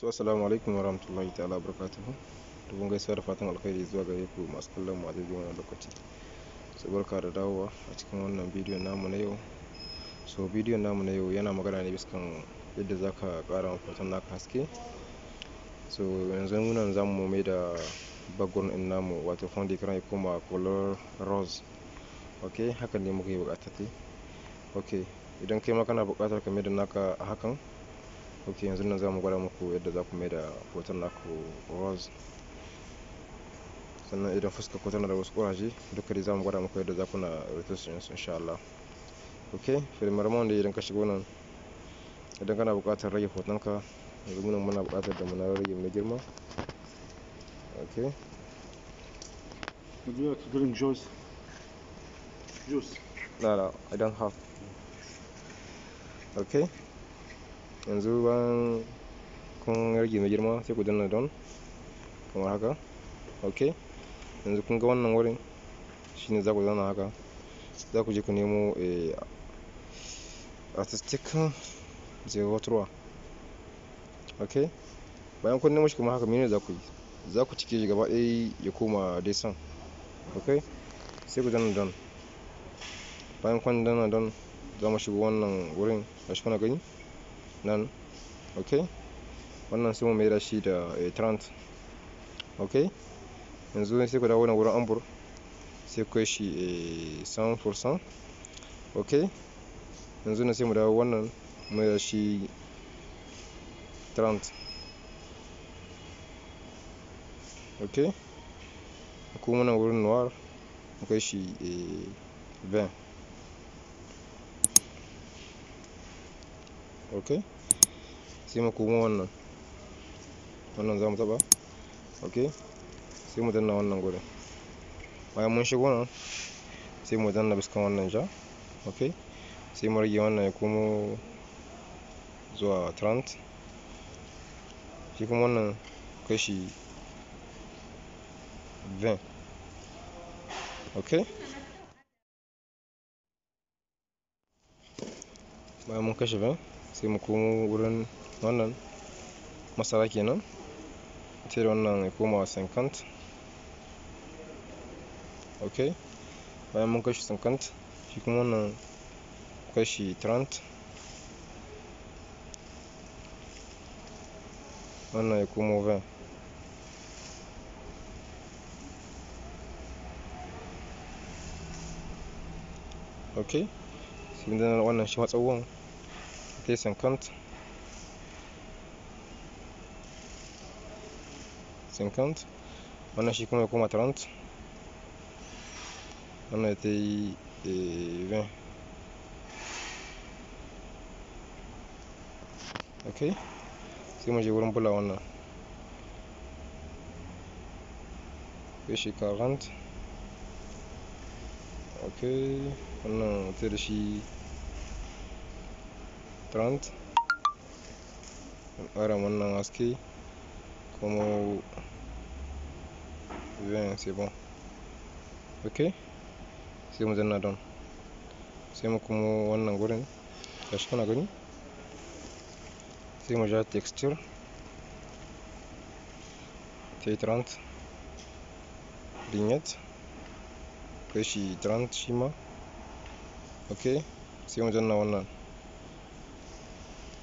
su assalamu alaikum wa rahmatullahi ta'ala wa barakatuhu dubun gaisuwa da fatan alkhairi zuwa gare ku masu kallon mu a jirgin wannan lokaci su barka da dawowa a cikin wannan bidiyo namu na yau so bidiyo namu na yau yana magana ne biskan yadda za ka kara mafoton na haske so yanzu nan za mu mai da background din namu wato fondi kiran ya koma color rose ok hakan ne muka yi bukatattu ok idan kai ma kana bukatar ka mai da naka hakan ok yanzu nan za mu gwada muku yadda za ku mai da hoton naku rose sannan idan fuska ku tana da wasu kuraje duka dai za mu gwada muku yadda za ku na rotation su insha Allah ok filmarmon da idan ka shigo nan idan kana buƙatar rage hoton ka yanzu muna muna buƙatar da muna rage mai girma ok Would you like to drink juice? Juice? No, no, I don't have. Okay. yanzu bayan kun rage mai girma sai ku danna don kamar haka ok yanzu kun ga wannan wurin shine za ku zana haka za ku je ku nemo eh, artistic zerotuwa ok bayan kun nemo shi kuma haka mene za ku yi za ku cike shi gaba ɗaya ya koma dai san ok sai ku danna don bayan kun danna don za mu shigo wannan wurin a shi kuna gani nan ok wannan sai mu mai da shi da eh, trant ok yanzu sai ku dawo na wurin ambur sai ku shi 100% eh, ok yanzu na sai mu dawo wannan mai da shi trant ok kuma na wurin noir ku shi shi eh, 20 ok sai mu kuma wannan wannan za mu taba ok sai mu danna wannan gurin bayan mun shigo nan sai mu danna biskan wannan ja ok sai mu rage wannan ya komo zuwa trant shi kuma wannan kashi 20 ok bayan mun kashi 20 sai mu komo wurin wannan masara kenan ita da wannan ya koma sankant ok bayan mun kashi sankant shi kuma wannan kashi trant wannan ya komo van ok sai wannan shi matsawon 50 50 on a acheté comme à 30 on a été 20 ok c'est moi je wurin bula wannan sai shi 40 ok on a da trans ƙara wannan haske kuma zan sai bon ok sai mu zanna don sai mu kuma wannan gurin da shi kana gani sai mu trans vignette kashi trans shima, ok sai mu zanna wannan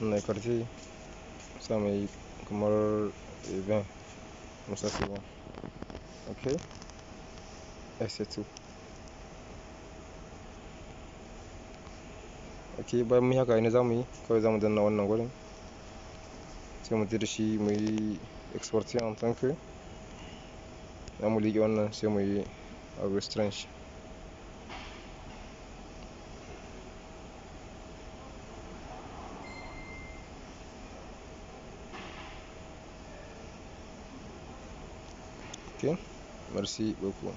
mai karfi eh, sa mai kamar event musa siwa ok sa tu, ok bayan mun haka ne za mu yi kawai za mu danna wannan gurin sai mu da mu yi za mu liƙe wannan sai mu yi a Ok, merci beaucoup.